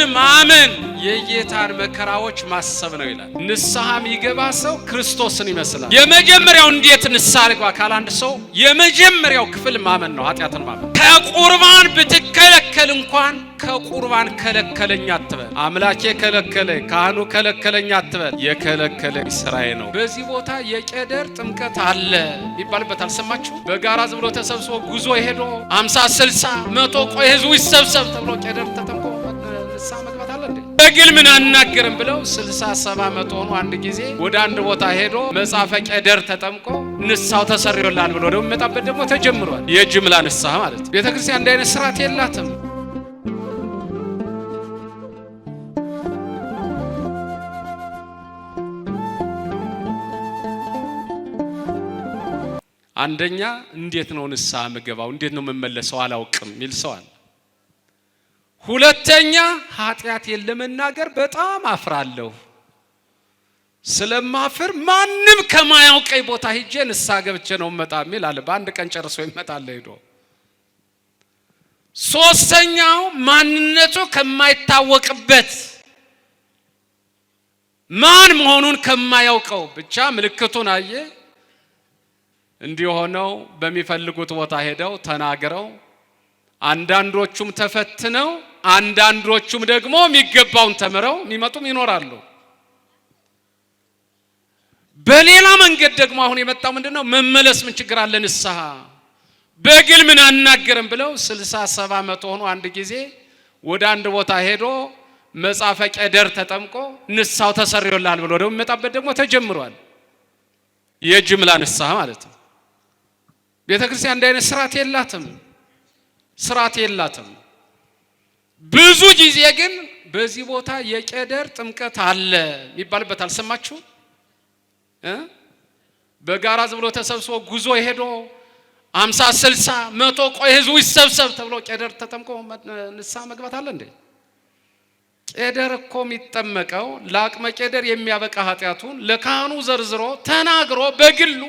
ምን ማመን የጌታን መከራዎች ማሰብ ነው ይላል። ንስሐ የሚገባ ሰው ክርስቶስን ይመስላል። የመጀመሪያው እንዴት ንስሐ ልግባ ካል አንድ ሰው የመጀመሪያው ክፍል ማመን ነው፣ ኃጢአትን ማመን። ከቁርባን ብትከለከል እንኳን ከቁርባን ከለከለኝ አትበል። አምላኬ ከለከለ ካህኑ ከለከለኝ አትበል። የከለከለኝ ስራዬ ነው። በዚህ ቦታ የቄደር ጥምቀት አለ ይባልበታል። አልሰማችሁ? በጋራ ዝብሎ ተሰብስቦ ጉዞ ሄዶ አምሳ ስልሳ መቶ ቆይ ህዝቡ ይሰብሰብ ተብሎ ቄደር ተጠምቆ ንስሐ መግባት አለ እንዴ? በግል ምን አናገርም ብለው ስልሳ ሰባ መቶ ሆኖ አንድ ጊዜ ወደ አንድ ቦታ ሄዶ መጻፈ ቀደር ተጠምቆ ንስሐው ተሰርዮላል ብሎ ደግሞ መጣበት ደግሞ ተጀምሯል። የጅምላ ንስሐ ማለት ቤተ ክርስቲያን እንዲህ አይነት ስርዓት የላትም። አንደኛ እንዴት ነው ንስሐ ምገባው? እንዴት ነው የምመለሰው? አላውቅም የሚል ሰዋል ሁለተኛ ኃጢአቴን ለመናገር በጣም አፍራለሁ። ስለማፍር ማንም ከማያውቀኝ ቦታ ሄጄ ንስሐ ገብቼ ነው መጣ የሚል አለ። በአንድ ቀን ጨርሶ ይመጣል ሄዶ። ሶስተኛው ማንነቱ ከማይታወቅበት ማን መሆኑን ከማያውቀው ብቻ ምልክቱን አየ እንዲሆነው በሚፈልጉት ቦታ ሄደው ተናግረው አንዳንዶቹም ተፈትነው አንዳንዶቹም ደግሞ የሚገባውን ተምረው የሚመጡም ይኖራሉ። በሌላ መንገድ ደግሞ አሁን የመጣው ምንድን ነው? መመለስ ምን ችግር አለ? ንስሐ በግል ምን አናገርም ብለው ስልሳ ሰባ መቶ ሆኖ አንድ ጊዜ ወደ አንድ ቦታ ሄዶ መጻፈ ቀደር ተጠምቆ ንስሐው ተሰርዮላል ብሎ ደግሞ የሚመጣበት ደግሞ ተጀምሯል። የጅምላ ንስሐ ማለት ነው። ቤተ ክርስቲያን እንዲህ አይነት ስርዓት የላትም። ስርዓት የላትም። ብዙ ጊዜ ግን በዚህ ቦታ የቄደር ጥምቀት አለ የሚባልበት አልሰማችሁ? በጋራ ዝብሎ ተሰብስቦ ጉዞ ሄዶ አምሳ ስልሳ መቶ ቆይ ህዝቡ ይሰብሰብ ተብሎ ቄደር ተጠምቆ ንስሐ መግባት አለ እንዴ? ቄደር እኮ የሚጠመቀው ለአቅመ ቄደር የሚያበቃ ኃጢአቱን ለካህኑ ዘርዝሮ ተናግሮ በግሉ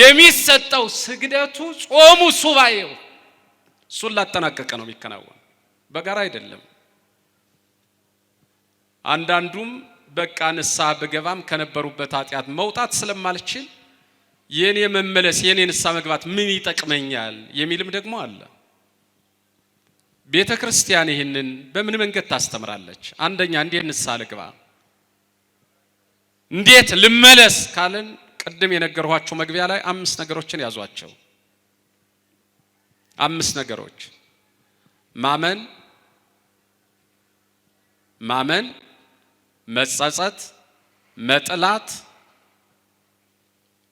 የሚሰጠው ስግደቱ፣ ጾሙ፣ ሱባኤው እሱን ላጠናቀቀ ነው የሚከናወን፣ በጋራ አይደለም። አንዳንዱም በቃ ንስሐ ብገባም ከነበሩበት ኃጢአት መውጣት ስለማልችል የኔ መመለስ የኔ ንስሐ መግባት ምን ይጠቅመኛል የሚልም ደግሞ አለ። ቤተ ክርስቲያን ይህንን በምን መንገድ ታስተምራለች? አንደኛ እንዴት ንስሐ ልግባ፣ እንዴት ልመለስ ካልን ቅድም የነገርኋቸው መግቢያ ላይ አምስት ነገሮችን ያዟቸው። አምስት ነገሮች ማመን፣ ማመን፣ መጸጸት፣ መጥላት፣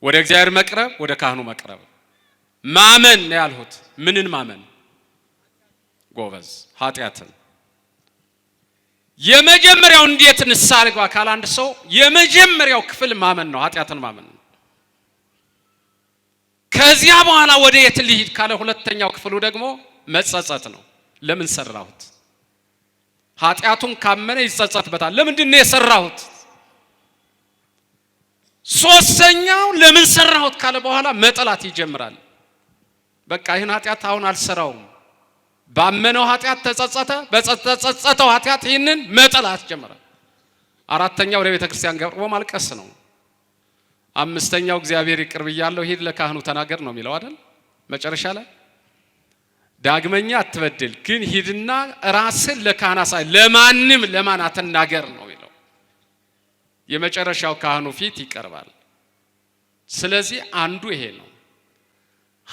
ወደ እግዚአብሔር መቅረብ፣ ወደ ካህኑ መቅረብ። ማመን ያልሁት ምንን ማመን? ጎበዝ ኃጢአትን የመጀመሪያው እንዴት ንስሐ ልግባ አንድ ሰው የመጀመሪያው ክፍል ማመን ነው። ኃጢአትን ማመን ነው። ከዚያ በኋላ ወደ የት ልሂድ ካለ ሁለተኛው ክፍሉ ደግሞ መጸጸት ነው። ለምን ሰራሁት? ኃጢአቱን ካመነ ይጸጸትበታል። ለምንድን ነው የሰራሁት? ሶስተኛው ለምን ሰራሁት ካለ በኋላ መጠላት ይጀምራል። በቃ ይህን ኃጢአት አሁን አልሰራውም። ባመነው ኃጢአት ተጸጸተ። በጸጸተው ኃጢአት ይህንን መጠላት ጀመረ። አራተኛው ወደ ቤተ ክርስቲያን ገብርቦ ማልቀስ ነው። አምስተኛው እግዚአብሔር ይቅርብ ብያለሁ ሂድ ለካህኑ ተናገር ነው የሚለው አይደል? መጨረሻ ላይ ዳግመኛ አትበድል፣ ግን ሂድና ራስን ለካህን አሳይ፣ ለማንም ለማን አትናገር ነው የሚለው። የመጨረሻው ካህኑ ፊት ይቀርባል። ስለዚህ አንዱ ይሄ ነው።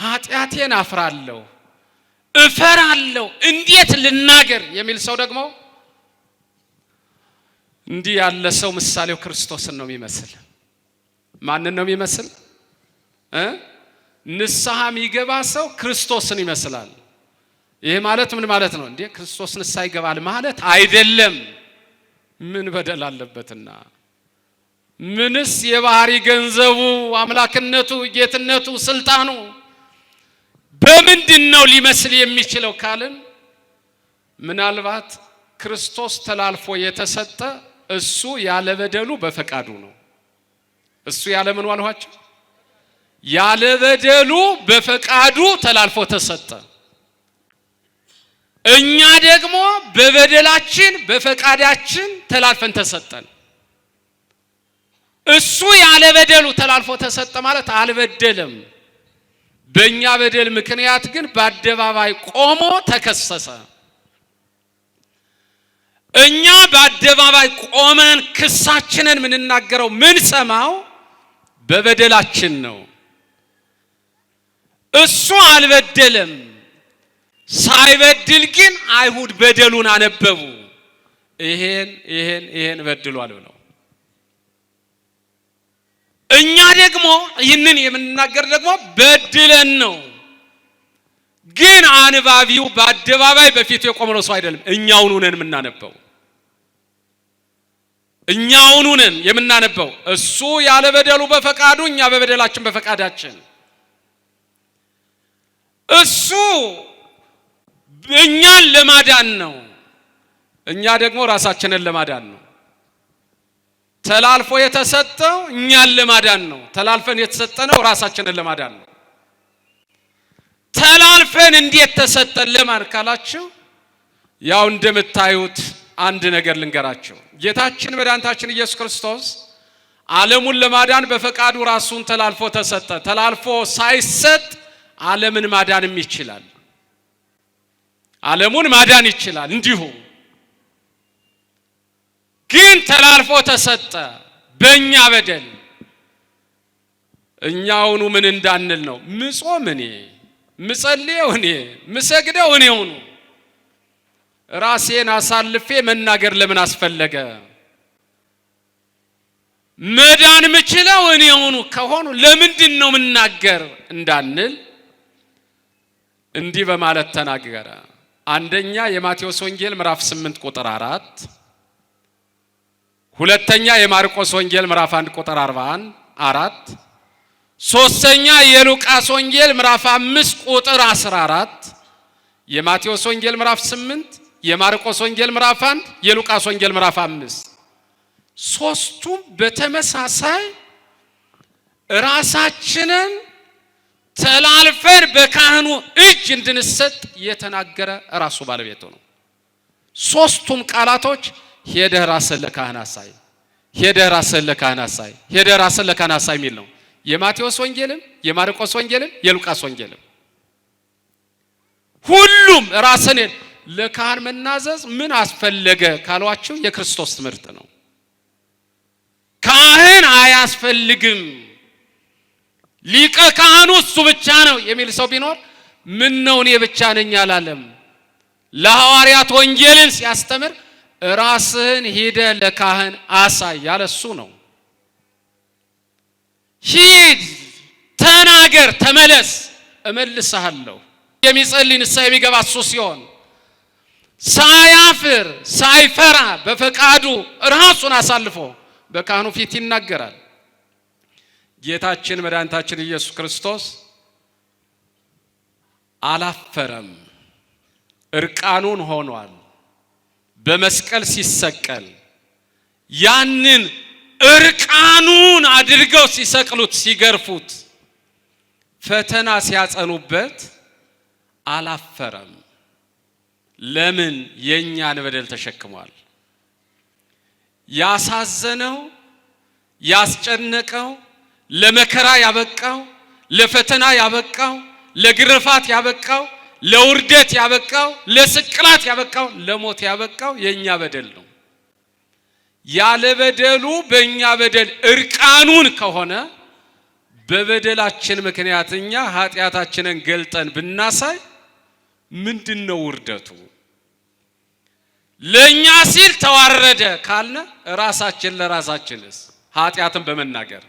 ኃጢአቴን አፍራለሁ፣ እፈራለሁ፣ እንዴት ልናገር የሚል ሰው ደግሞ እንዲህ ያለ ሰው ምሳሌው ክርስቶስን ነው የሚመስል ማንን ነው የሚመስል? ንስሐ የሚገባ ሰው ክርስቶስን ይመስላል። ይህ ማለት ምን ማለት ነው እንዴ? ክርስቶስ ንስሐ ይገባል ማለት አይደለም። ምን በደል አለበትና ምንስ የባህሪ ገንዘቡ አምላክነቱ፣ ጌትነቱ፣ ስልጣኑ በምንድን ነው ሊመስል የሚችለው ካልን ምናልባት ክርስቶስ ተላልፎ የተሰጠ እሱ ያለበደሉ በፈቃዱ ነው። እሱ ያለ ምን ዋልኋቸው ያለ በደሉ በፈቃዱ ተላልፎ ተሰጠ። እኛ ደግሞ በበደላችን በፈቃዳችን ተላልፈን ተሰጠን። እሱ ያለ በደሉ ተላልፎ ተሰጠ ማለት አልበደለም። በእኛ በደል ምክንያት ግን በአደባባይ ቆሞ ተከሰሰ። እኛ በአደባባይ ቆመን ክሳችንን የምንናገረው ምን ሰማው በበደላችን ነው። እሱ አልበደለም። ሳይበድል ግን አይሁድ በደሉን አነበቡ። ይሄን ይሄን ይሄን በድሏል ብለው እኛ ደግሞ ይህንን የምንናገር ደግሞ በድለን ነው። ግን አንባቢው በአደባባይ በፊቱ የቆምነው ሰው አይደለም፣ እኛውን ሁነን የምናነበው። እኛውኑ ነን የምናነበው። እሱ ያለ በደሉ በፈቃዱ እኛ በበደላችን በፈቃዳችን እሱ እኛን ለማዳን ነው፣ እኛ ደግሞ ራሳችንን ለማዳን ነው። ተላልፎ የተሰጠው እኛን ለማዳን ነው። ተላልፈን የተሰጠነው ራሳችንን ለማዳን ነው። ተላልፈን እንዴት ተሰጠን ለማን ካላችሁ፣ ያው እንደምታዩት አንድ ነገር ልንገራቸው። ጌታችን መድኃኒታችን ኢየሱስ ክርስቶስ ዓለሙን ለማዳን በፈቃዱ ራሱን ተላልፎ ተሰጠ። ተላልፎ ሳይሰጥ ዓለምን ማዳንም ይችላል። ዓለሙን ማዳን ይችላል። እንዲሁ ግን ተላልፎ ተሰጠ በእኛ በደል እኛውኑ ምን እንዳንል ነው ምጾም እኔ ምጸልየው እኔ ምሰግደው እኔ ራሴን አሳልፌ መናገር ለምን አስፈለገ? መዳን ምችለው ሆኑ ከሆኑ ለምንድን ነው የምናገር እንዳንል እንዲህ በማለት ተናገረ። አንደኛ የማቴዎስ ወንጌል ምዕራፍ 8 ቁጥር 4፣ ሁለተኛ የማርቆስ ወንጌል ምዕራፍ 1 ቁጥር 41 አራት፣ ሶስተኛ የሉቃስ ወንጌል ምዕራፍ 5 ቁጥር 14፣ የማቴዎስ ወንጌል ምዕራፍ 8 የማርቆስ ወንጌል ምዕራፍ አንድ የሉቃስ ወንጌል ምዕራፍ አምስት ሶስቱም በተመሳሳይ ራሳችንን ተላልፈን በካህኑ እጅ እንድንሰጥ የተናገረ ራሱ ባለቤቱ ነው። ሶስቱም ቃላቶች ሄደህ ራስን ለካህን አሳይ፣ ሄደህ ራስን ለካህን አሳይ፣ ሄደህ ራስን ለካህን አሳይ የሚል ነው። የማቴዎስ ወንጌልም የማርቆስ ወንጌልም የሉቃስ ወንጌልም ሁሉም ራስን ለካህን መናዘዝ ምን አስፈለገ ካሏቸው የክርስቶስ ትምህርት ነው። ካህን አያስፈልግም፣ ሊቀ ካህኑ እሱ ብቻ ነው የሚል ሰው ቢኖር ምን ነው እኔ ብቻ ነኝ አላለም። ለሐዋርያት ወንጌልን ሲያስተምር ራስህን ሂደ ለካህን አሳይ ያለ እሱ ነው። ሂድ ተናገር፣ ተመለስ፣ እመልስሃለሁ የሚጸልይ ንስሐ የሚገባ እሱ ሲሆን ሳያፍር ሳይፈራ በፈቃዱ ራሱን አሳልፎ በካህኑ ፊት ይናገራል። ጌታችን መድኃኒታችን ኢየሱስ ክርስቶስ አላፈረም። እርቃኑን ሆኗል። በመስቀል ሲሰቀል ያንን እርቃኑን አድርገው ሲሰቅሉት፣ ሲገርፉት፣ ፈተና ሲያጸኑበት አላፈረም። ለምን የእኛን በደል ተሸክሟል። ያሳዘነው ያስጨነቀው ለመከራ ያበቃው ለፈተና ያበቃው ለግርፋት ያበቃው ለውርደት ያበቃው ለስቅላት ያበቃው ለሞት ያበቃው የእኛ በደል ነው። ያለ በደሉ በእኛ በደል እርቃኑን ከሆነ በበደላችን ምክንያት እኛ ኃጢአታችንን ገልጠን ብናሳይ ምንድን ነው ውርደቱ? ለእኛ ሲል ተዋረደ ካልነ ራሳችን ለራሳችንስ ኃጢአትን በመናገር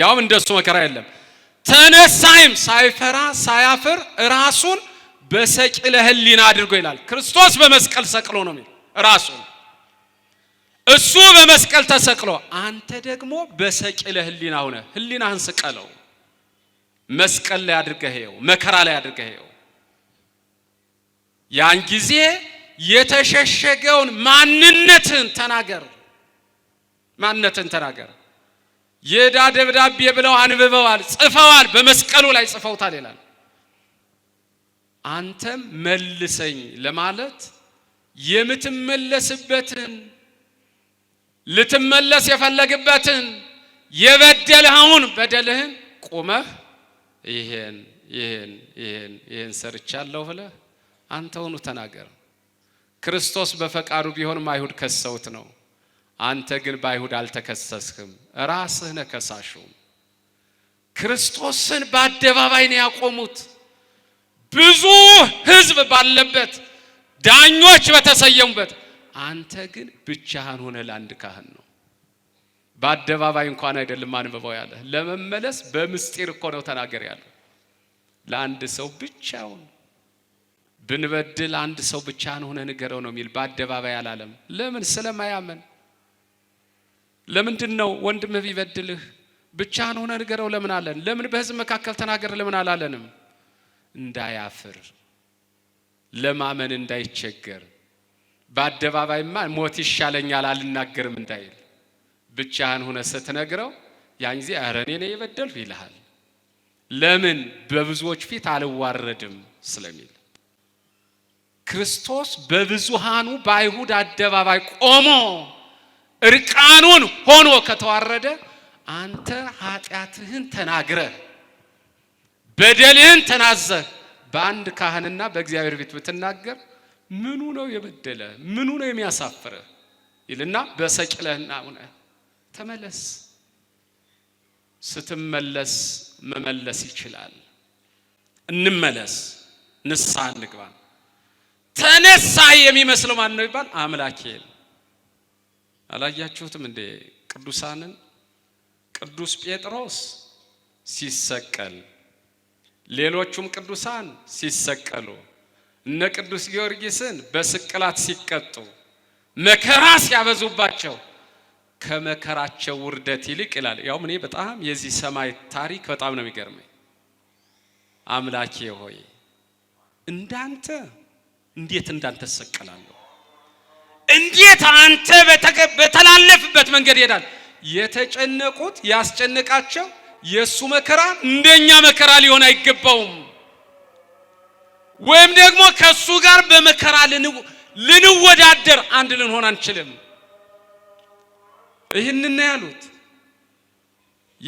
ያውም እንደሱ መከራ የለም ተነሳይም ሳይፈራ ሳያፍር ራሱን በሰቂለ ሕሊና አድርጎ ይላል። ክርስቶስ በመስቀል ሰቅሎ ነው የሚል ራሱን እሱ በመስቀል ተሰቅሎ አንተ ደግሞ በሰቂለ ሕሊና ሁነ ህሊናህን ስቀለው መስቀል ላይ አድርገህ ይኸው መከራ ላይ አድርገህ ይኸው ያን ጊዜ የተሸሸገውን ማንነትን ተናገር፣ ማንነትን ተናገር። የዕዳ ደብዳቤ ብለው አንብበዋል፣ ጽፈዋል፣ በመስቀሉ ላይ ጽፈውታል ይላል። አንተም መልሰኝ ለማለት የምትመለስበትን ልትመለስ የፈለግበትን የበደልኸውን በደልህን ቁመህ ይሄን ይሄን ይሄን ይሄን ሰርቻለሁ ብለህ አንተውኑ ተናገር። ክርስቶስ በፈቃዱ ቢሆንም አይሁድ ከሰውት ነው። አንተ ግን በአይሁድ አልተከሰስህም፣ ራስህ ነህ ከሳሹ። ክርስቶስን በአደባባይ ነው ያቆሙት። ብዙ ሕዝብ ባለበት ዳኞች በተሰየሙበት፣ አንተ ግን ብቻህን ሆነ ለአንድ ካህን ነው። በአደባባይ እንኳን አይደለም አንብበው ያለ ለመመለስ በምስጢር እኮ ነው ተናገር ያለ ለአንድ ሰው ብቻውን ብንበድል አንድ ሰው ብቻህን ሆነ ንገረው ነው የሚል በአደባባይ አላለም። ለምን? ስለማያምን። ለምንድን ነው ወንድምህ ቢበድልህ ብቻህን ሆነህ ንገረው ለምን አለን? ለምን በህዝብ መካከል ተናገር ለምን አላለንም? እንዳያፍር ለማመን እንዳይቸገር በአደባባይማ ሞት ይሻለኛል አልናገርም እንዳይል ብቻህን ሆነ ስትነግረው ያን ጊዜ ኧረ እኔ ነኝ የበደልሁ ይልሃል። ለምን በብዙዎች ፊት አልዋረድም ስለሚል ክርስቶስ በብዙሃኑ በአይሁድ አደባባይ ቆሞ እርቃኑን ሆኖ ከተዋረደ አንተ ኃጢአትህን ተናግረ በደልህን ተናዘ በአንድ ካህንና በእግዚአብሔር ቤት ብትናገር ምኑ ነው የበደለ? ምኑ ነው የሚያሳፍረ? ይልና በሰቅለህና ሁነ ተመለስ። ስትመለስ መመለስ ይችላል። እንመለስ፣ ንስሐ እንግባ። ተነሳ የሚመስለው ማን ነው ይባል? አምላኬ አላያችሁትም እንዴ ቅዱሳንን? ቅዱስ ጴጥሮስ ሲሰቀል፣ ሌሎቹም ቅዱሳን ሲሰቀሉ፣ እነ ቅዱስ ጊዮርጊስን በስቅላት ሲቀጡ፣ መከራ ሲያበዙባቸው ከመከራቸው ውርደት ይልቅ ይላል። ያውም እኔ በጣም የዚህ ሰማይ ታሪክ በጣም ነው የሚገርመኝ። አምላኬ ሆይ እንዳንተ እንዴት እንዳንተሰቀላለሁ እንዴት አንተ በተላለፍበት መንገድ ይሄዳል። የተጨነቁት ያስጨነቃቸው የእሱ መከራ እንደኛ መከራ ሊሆን አይገባውም። ወይም ደግሞ ከእሱ ጋር በመከራ ልንወዳደር አንድ ልንሆን አንችልም። ይህንን ያሉት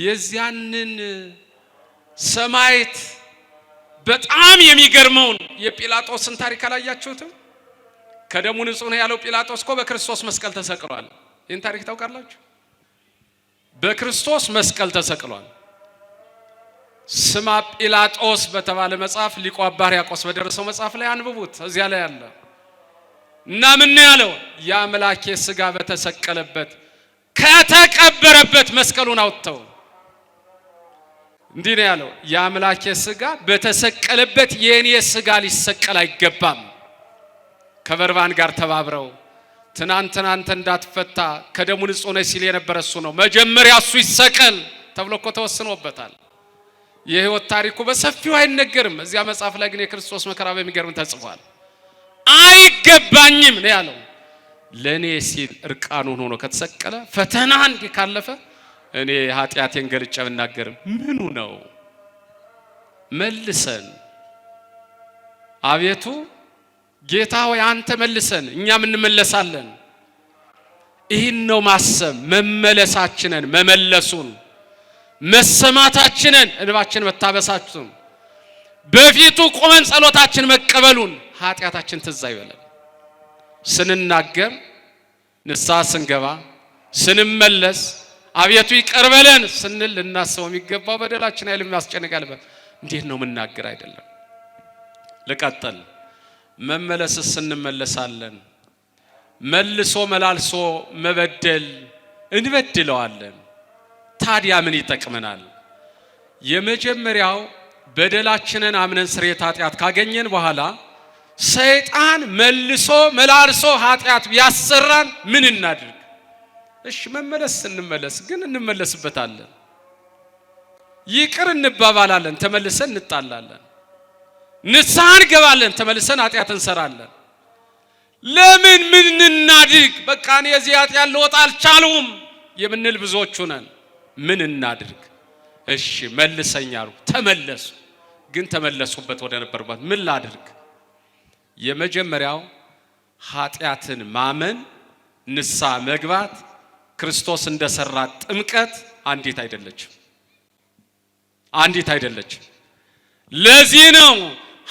የዚያንን ሰማይት በጣም የሚገርመውን የጲላጦስን ታሪክ አላያችሁትም? ከደሙ ንጹህ ነው ያለው ጲላጦስ እኮ በክርስቶስ መስቀል ተሰቅሏል። ይህን ታሪክ ታውቃላችሁ? በክርስቶስ መስቀል ተሰቅሏል። ስማ ጲላጦስ በተባለ መጽሐፍ ሊቆ አባ ሕርያቆስ በደረሰው መጽሐፍ ላይ አንብቡት። እዚያ ላይ አለ እና ምን ያለው የአምላኬ ስጋ በተሰቀለበት ከተቀበረበት መስቀሉን አውጥተው እንዲህ ነው ያለው፣ የአምላኬ ስጋ በተሰቀለበት የእኔ ስጋ ሊሰቀል አይገባም። ከበርባን ጋር ተባብረው ትናንትና አንተ እንዳትፈታ ከደሙ ንጹህ ነህ ሲል የነበረ እሱ ነው። መጀመሪያ እሱ ይሰቀል ተብሎ እኮ ተወስኖበታል። የህይወት ታሪኩ በሰፊው አይነገርም። እዚያ መጽሐፍ ላይ ግን የክርስቶስ መከራ በሚገርም ተጽፏል። አይገባኝም ነው ያለው። ለእኔ ሲል እርቃኑን ሆኖ ከተሰቀለ ፈተና እንዲህ ካለፈ እኔ ኃጢአቴን ገልጬ ብናገር ምኑ ነው? መልሰን አቤቱ ጌታ ሆይ አንተ መልሰን፣ እኛም እንመለሳለን። ይህን ነው ማሰብ፣ መመለሳችንን፣ መመለሱን፣ መሰማታችንን፣ እንባችን መታበሳችን፣ በፊቱ ቆመን ጸሎታችን መቀበሉን፣ ኃጢአታችን ትዝ አይበለን። ስንናገር፣ ንስሐ ስንገባ፣ ስንመለስ አቤቱ ይቀርበለን ስንል ልናስበው የሚገባው በደላችን አይልም የሚያስጨንቅ እንዴት ነው የምናገር አይደለም። ልቀጥል። መመለስስ እንመለሳለን። መልሶ መላልሶ መበደል እንበድለዋለን። ታዲያ ምን ይጠቅመናል? የመጀመሪያው በደላችንን አምነን ስርየተ ኃጢአት ካገኘን በኋላ ሰይጣን መልሶ መላልሶ ኃጢአት ቢያሰራን ምን እናድርግ? እሺ መመለስ ስንመለስ ግን እንመለስበታለን። ይቅር እንባባላለን፣ ተመልሰን እንጣላለን። ንስሐ እንገባለን፣ ተመልሰን ኃጢአት እንሰራለን። ለምን ምን እናድርግ? በቃ እኔ የዚህ ኃጢአት ልወጣ አልቻሉም የምንል ብዙዎቹ ነን። ምን እናድርግ? እሺ መልሰኝ አሉ፣ ተመለሱ። ግን ተመለሱበት ወደ ነበሩበት። ምን ላድርግ? የመጀመሪያው ኃጢአትን ማመን ንስሐ መግባት ክርስቶስ እንደሰራ ጥምቀት አንዲት አይደለች? አንዲት አይደለችም። ለዚህ ነው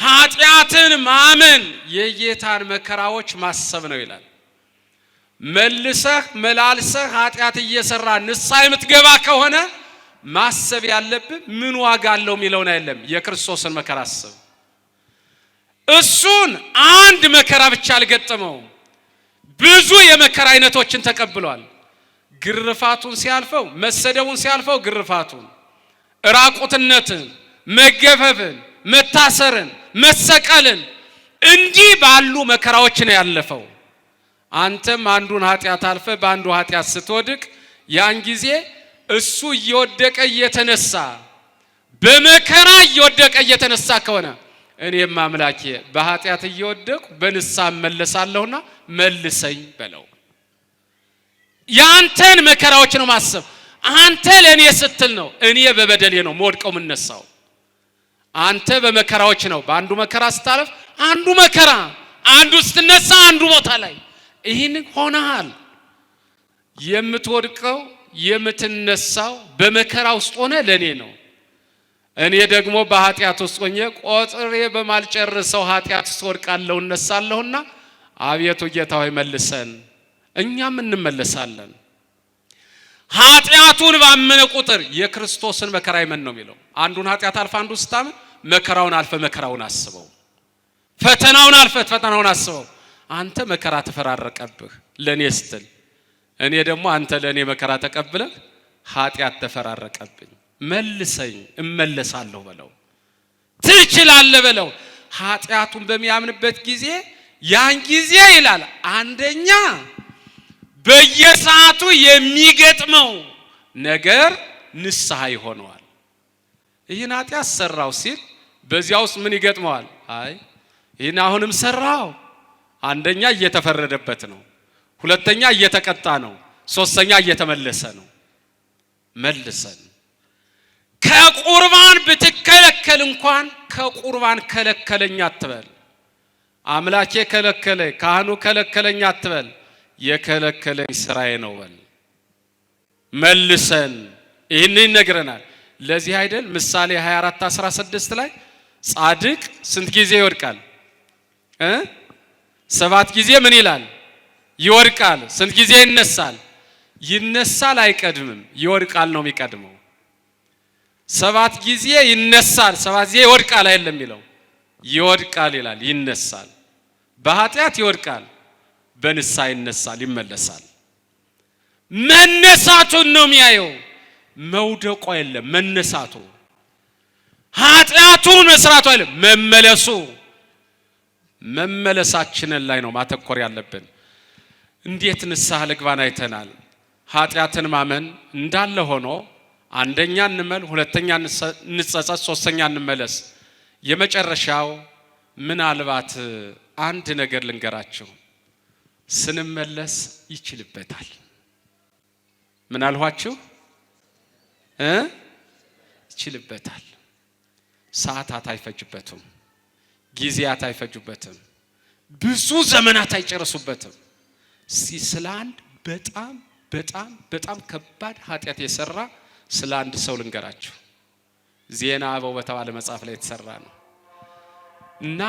ኃጢአትን ማመን የጌታን መከራዎች ማሰብ ነው ይላል። መልሰህ መላልሰህ ኃጢአት እየሰራ ንስሐ የምትገባ ከሆነ ማሰብ ያለብን ምን ዋጋ አለው የሚለውን አይደለም፣ የክርስቶስን መከራ አስብ። እሱን አንድ መከራ ብቻ አልገጠመውም፣ ብዙ የመከራ አይነቶችን ተቀብሏል። ግርፋቱን ሲያልፈው መሰደቡን ሲያልፈው ግርፋቱን፣ ራቁትነትን፣ መገፈፍን፣ መታሰርን፣ መሰቀልን እንዲህ ባሉ መከራዎች ነው ያለፈው። አንተም አንዱን ኃጢአት አልፈ በአንዱ ኃጢአት ስትወድቅ ያን ጊዜ እሱ እየወደቀ እየተነሳ በመከራ እየወደቀ እየተነሳ ከሆነ እኔም አምላኬ በኃጢአት እየወደቁ በንስሐ እመለሳለሁና መልሰኝ በለው። ያንተን መከራዎች ነው ማሰብ። አንተ ለእኔ ስትል ነው እኔ በበደሌ ነው መወድቀው የምነሳው። አንተ በመከራዎች ነው በአንዱ መከራ ስታለፍ አንዱ መከራ አንዱ ስትነሳ አንዱ ቦታ ላይ ይህን ሆነሃል። የምትወድቀው የምትነሳው በመከራ ውስጥ ሆነ ለእኔ ነው። እኔ ደግሞ በኃጢአት ውስጥ ሆኜ ቆጥሬ በማልጨርሰው ኃጢአት ውስጥ ወድቃለሁ እነሳለሁና አቤቱ ጌታ ሆይ መልሰን እኛም እንመለሳለን። ኃጢአቱን ባመነ ቁጥር የክርስቶስን መከራ ይመን ነው የሚለው። አንዱን ኃጢአት አልፈ አንዱ ስታምን መከራውን አልፈ መከራውን አስበው፣ ፈተናውን አልፈ ፈተናውን አስበው። አንተ መከራ ተፈራረቀብህ ለእኔ ስትል፣ እኔ ደግሞ አንተ ለእኔ መከራ ተቀብለህ ኃጢአት ተፈራረቀብኝ፣ መልሰኝ፣ እመለሳለሁ በለው፣ ትችላለህ በለው። ኃጢአቱን በሚያምንበት ጊዜ ያን ጊዜ ይላል አንደኛ በየሰዓቱ የሚገጥመው ነገር ንስሐ ይሆነዋል። ይህን ኃጢአት ሰራው ሲል በዚያ ውስጥ ምን ይገጥመዋል? አይ ይህን አሁንም ሰራው። አንደኛ እየተፈረደበት ነው፣ ሁለተኛ እየተቀጣ ነው፣ ሶስተኛ እየተመለሰ ነው። መልሰን ከቁርባን ብትከለከል እንኳን ከቁርባን ከለከለኝ አትበል። አምላኬ ከለከለ፣ ካህኑ ከለከለኝ አትበል። የከለከለኝ ስራዬ ነው በል። መልሰን ይህንን ይነግረናል። ለዚህ አይደል ምሳሌ 24 16 ላይ ጻድቅ ስንት ጊዜ ይወድቃል? ሰባት ጊዜ ምን ይላል? ይወድቃል። ስንት ጊዜ ይነሳል? ይነሳል አይቀድምም፣ ይወድቃል ነው የሚቀድመው። ሰባት ጊዜ ይነሳል፣ ሰባት ጊዜ ይወድቃል አይደለም የሚለው፣ ይወድቃል ይላል። ይነሳል፣ በኃጢአት ይወድቃል በንስሐ ይነሳል፣ ይመለሳል። መነሳቱን ነው የሚያየው። መውደቁ የለም መነሳቱ፣ ኃጢአቱን መስራቱ የለም መመለሱ። መመለሳችንን ላይ ነው ማተኮር ያለብን። እንዴት ንስሐ ልግባን አይተናል። ኃጢአትን ማመን እንዳለ ሆኖ አንደኛ እንመል፣ ሁለተኛ እንጸጸት፣ ሶስተኛ እንመለስ። የመጨረሻው ምናልባት አንድ ነገር ልንገራችሁ። ስንመለስ ይችልበታል። ምን አልኋችሁ እ ይችልበታል። ሰዓታት አይፈጅበትም። ጊዜያት አይፈጁበትም። ብዙ ዘመናት አይጨርሱበትም። ስለ አንድ በጣም በጣም በጣም ከባድ ኃጢአት የሰራ ስለ አንድ ሰው ልንገራችሁ። ዜና አበው በተባለ መጽሐፍ ላይ የተሰራ ነው እና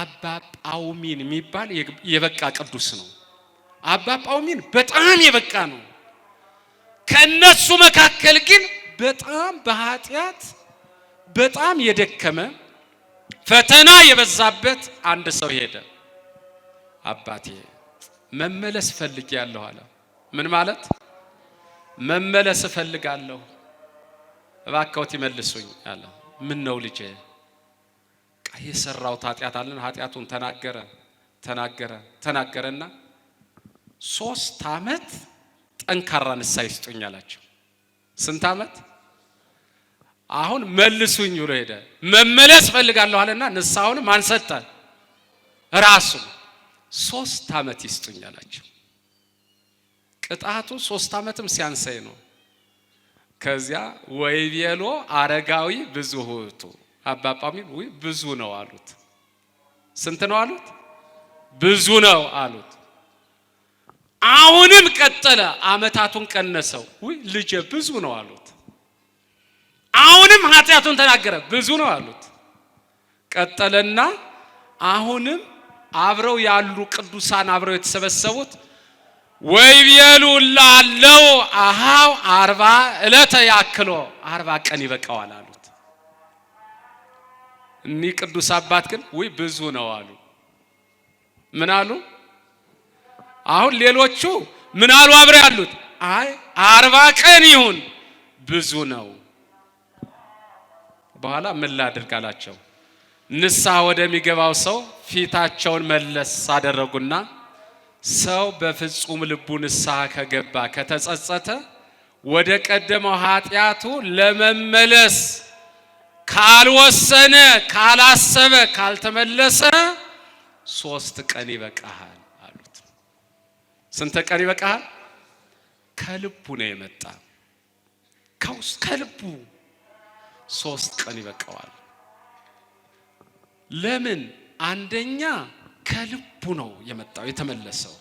አባ ጳውሚን የሚባል የበቃ ቅዱስ ነው። አባ ጳውሚን በጣም የበቃ ነው። ከእነሱ መካከል ግን በጣም በኃጢአት በጣም የደከመ ፈተና የበዛበት አንድ ሰው ሄደ። አባቴ መመለስ እፈልጋለሁ አለ። ምን ማለት መመለስ እፈልጋለሁ፣ እባክዎት ይመልሱኝ አለ። ምን ነው ልጄ? የሰራሁት ኃጢአት አለን። ኃጢአቱን ተናገረ ተናገረ ተናገረና ሶስት አመት ጠንካራ ንሳ ይስጡኝ አላቸው። ስንት አመት? አሁን መልሱኝ ብሎ ሄደ። መመለስ ፈልጋለሁ አለና ንሳውን ማን ሰጠ? ራሱ ሶስት አመት ይስጡኝ አላቸው። ቅጣቱ ሶስት አመትም ሲያንሰኝ ነው። ከዚያ ወይቤሎ አረጋዊ ብዙ ውእቱ አባ ብዙ ነው አሉት። ስንት ነው አሉት? ብዙ ነው አሉት። አሁንም ቀጠለ። አመታቱን ቀነሰው። ውይ ልጀ ብዙ ነው አሉት። አሁንም ኃጢአቱን ተናገረ። ብዙ ነው አሉት። ቀጠለና አሁንም አብረው ያሉ ቅዱሳን አብረው የተሰበሰቡት ወይ ቤሉ ላለው አሃው አርባ እለተ ያክሎ አርባ ቀን ይበቃዋል አሉት። እኒህ ቅዱስ አባት ግን ውይ ብዙ ነው አሉ። ምን አሉ? አሁን ሌሎቹ ምን አሉ አብረው ያሉት? አይ አርባ ቀን ይሁን ብዙ ነው። በኋላ ምን ላድርግ አላቸው። ንስሐ ወደሚገባው ሰው ፊታቸውን መለስ አደረጉና ሰው በፍጹም ልቡ ንስሐ ከገባ ከተጸጸተ ወደ ቀደመው ኃጢአቱ ለመመለስ ካልወሰነ፣ ካላሰበ፣ ካልተመለሰ ሶስት ቀን ይበቃሃል። ስንት ቀን ይበቃሃል? ከልቡ ነው የመጣ ከውስጥ ከልቡ ሶስት ቀን ይበቃዋል። ለምን? አንደኛ ከልቡ ነው የመጣው የተመለሰው።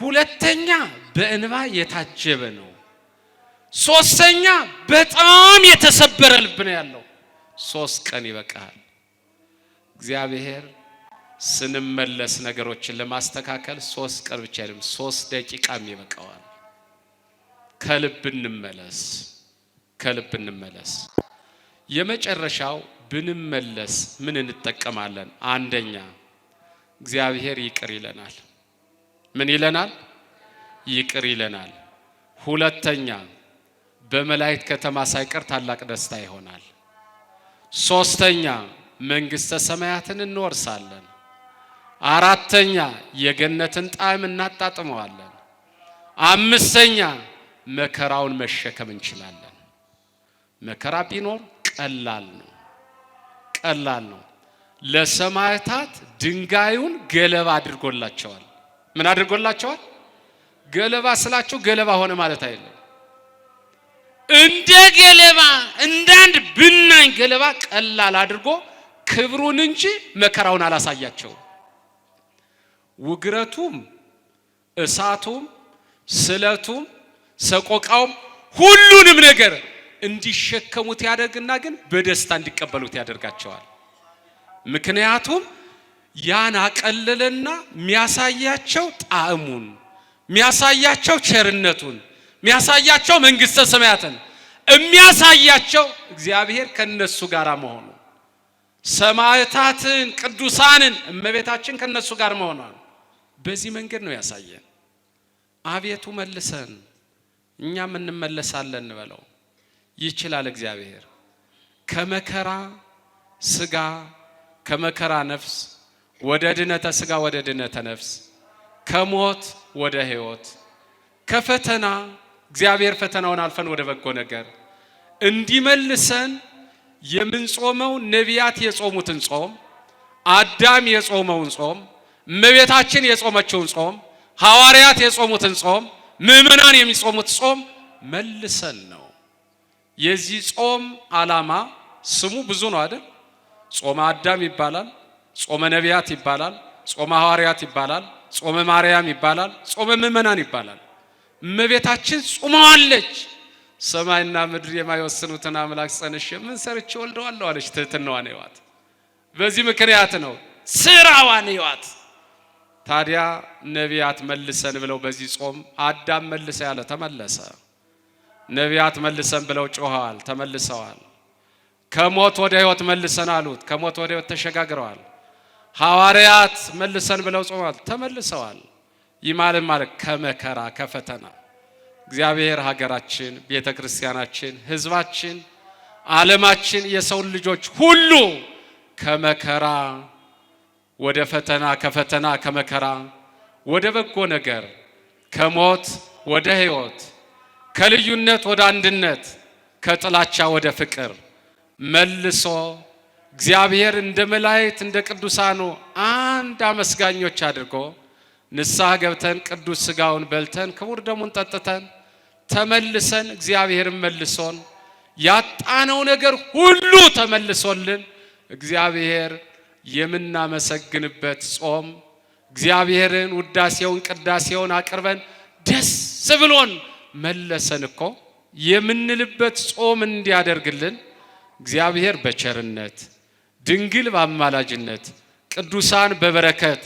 ሁለተኛ በእንባ የታጀበ ነው። ሶስተኛ በጣም የተሰበረ ልብ ነው ያለው። ሶስት ቀን ይበቃል? እግዚአብሔር ስንመለስ ነገሮችን ለማስተካከል ሶስት ቀን ብቻ አይደለም ሶስት ደቂቃም ይበቃዋል። ከልብ እንመለስ፣ ከልብ እንመለስ። የመጨረሻው ብንመለስ ምን እንጠቀማለን? አንደኛ እግዚአብሔር ይቅር ይለናል። ምን ይለናል? ይቅር ይለናል። ሁለተኛ በመላእክት ከተማ ሳይቀር ታላቅ ደስታ ይሆናል። ሶስተኛ መንግሥተ ሰማያትን እንወርሳለን። አራተኛ የገነትን ጣዕም እናጣጥመዋለን። አምስተኛ መከራውን መሸከም እንችላለን። መከራ ቢኖር ቀላል ነው፣ ቀላል ነው። ለሰማዕታት ድንጋዩን ገለባ አድርጎላቸዋል። ምን አድርጎላቸዋል? ገለባ ስላቸው ገለባ ሆነ ማለት አይደለም። እንደ ገለባ እንዳንድ ብናኝ ገለባ ቀላል አድርጎ ክብሩን እንጂ መከራውን አላሳያቸውም። ውግረቱም፣ እሳቱም፣ ስለቱም፣ ሰቆቃውም ሁሉንም ነገር እንዲሸከሙት ያደርግና ግን በደስታ እንዲቀበሉት ያደርጋቸዋል። ምክንያቱም ያን አቀለለና የሚያሳያቸው ጣዕሙን የሚያሳያቸው ቸርነቱን የሚያሳያቸው መንግስተ ሰማያትን የሚያሳያቸው እግዚአብሔር ከነሱ ጋር መሆኑ ሰማዕታትን ቅዱሳንን እመቤታችን ከነሱ ጋር መሆኗል። በዚህ መንገድ ነው ያሳየን። አቤቱ መልሰን እኛም እንመለሳለን እንበለው። ይችላል እግዚአብሔር ከመከራ ስጋ ከመከራ ነፍስ ወደ ድነተ ስጋ ወደ ድነተ ነፍስ ከሞት ወደ ህይወት ከፈተና እግዚአብሔር ፈተናውን አልፈን ወደ በጎ ነገር እንዲመልሰን የምንጾመው ነቢያት የጾሙትን ጾም አዳም የጾመውን ጾም እመቤታችን የጾመችውን ጾም፣ ሐዋርያት የጾሙትን ጾም፣ ምእመናን የሚጾሙት ጾም መልሰን ነው። የዚህ ጾም ዓላማ ስሙ ብዙ ነው አይደል? ጾመ አዳም ይባላል፣ ጾመ ነቢያት ይባላል፣ ጾመ ሐዋርያት ይባላል፣ ጾመ ማርያም ይባላል፣ ጾመ ምእመናን ይባላል። እመቤታችን ጾመዋለች። ሰማይና ምድር የማይወስኑትን አምላክ ጸንሽ ምን ሰርቼ ወልደዋለሁ አለች። ትህትናዋን ይዋት። በዚህ ምክንያት ነው ስራዋን ይዋት። ታዲያ ነቢያት መልሰን ብለው በዚህ ጾም አዳም መልሰ ያለ ተመለሰ። ነቢያት መልሰን ብለው ጮኸዋል፣ ተመልሰዋል። ከሞት ወደ ህይወት መልሰን አሉት፣ ከሞት ወደ ህይወት ተሸጋግረዋል። ሐዋርያት መልሰን ብለው ጾመዋል፣ ተመልሰዋል። ይህ ማለት ማለት ከመከራ ከፈተና እግዚአብሔር ሀገራችን፣ ቤተ ክርስቲያናችን፣ ህዝባችን፣ ዓለማችን የሰው ልጆች ሁሉ ከመከራ ወደ ፈተና ከፈተና ከመከራ ወደ በጎ ነገር ከሞት ወደ ሕይወት ከልዩነት ወደ አንድነት ከጥላቻ ወደ ፍቅር መልሶ እግዚአብሔር እንደ መላእክት እንደ ቅዱሳኑ አንድ አመስጋኞች አድርጎ ንስሐ ገብተን ቅዱስ ሥጋውን በልተን ክቡር ደሙን ጠጥተን ተመልሰን እግዚአብሔርን መልሶን ያጣነው ነገር ሁሉ ተመልሶልን እግዚአብሔር የምናመሰግንበት ጾም እግዚአብሔርን ውዳሴውን ቅዳሴውን አቅርበን ደስ ብሎን መለሰን እኮ የምንልበት ጾም እንዲያደርግልን እግዚአብሔር በቸርነት ድንግል በአማላጅነት ቅዱሳን በበረከት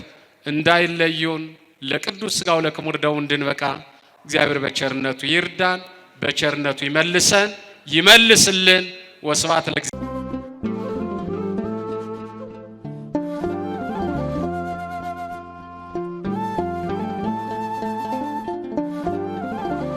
እንዳይለዩን ለቅዱስ ሥጋው ለክቡር ደሙ እንድንበቃ እግዚአብሔር በቸርነቱ ይርዳን፣ በቸርነቱ ይመልሰን፣ ይመልስልን። ወስብሐት ለእግዚአብሔር።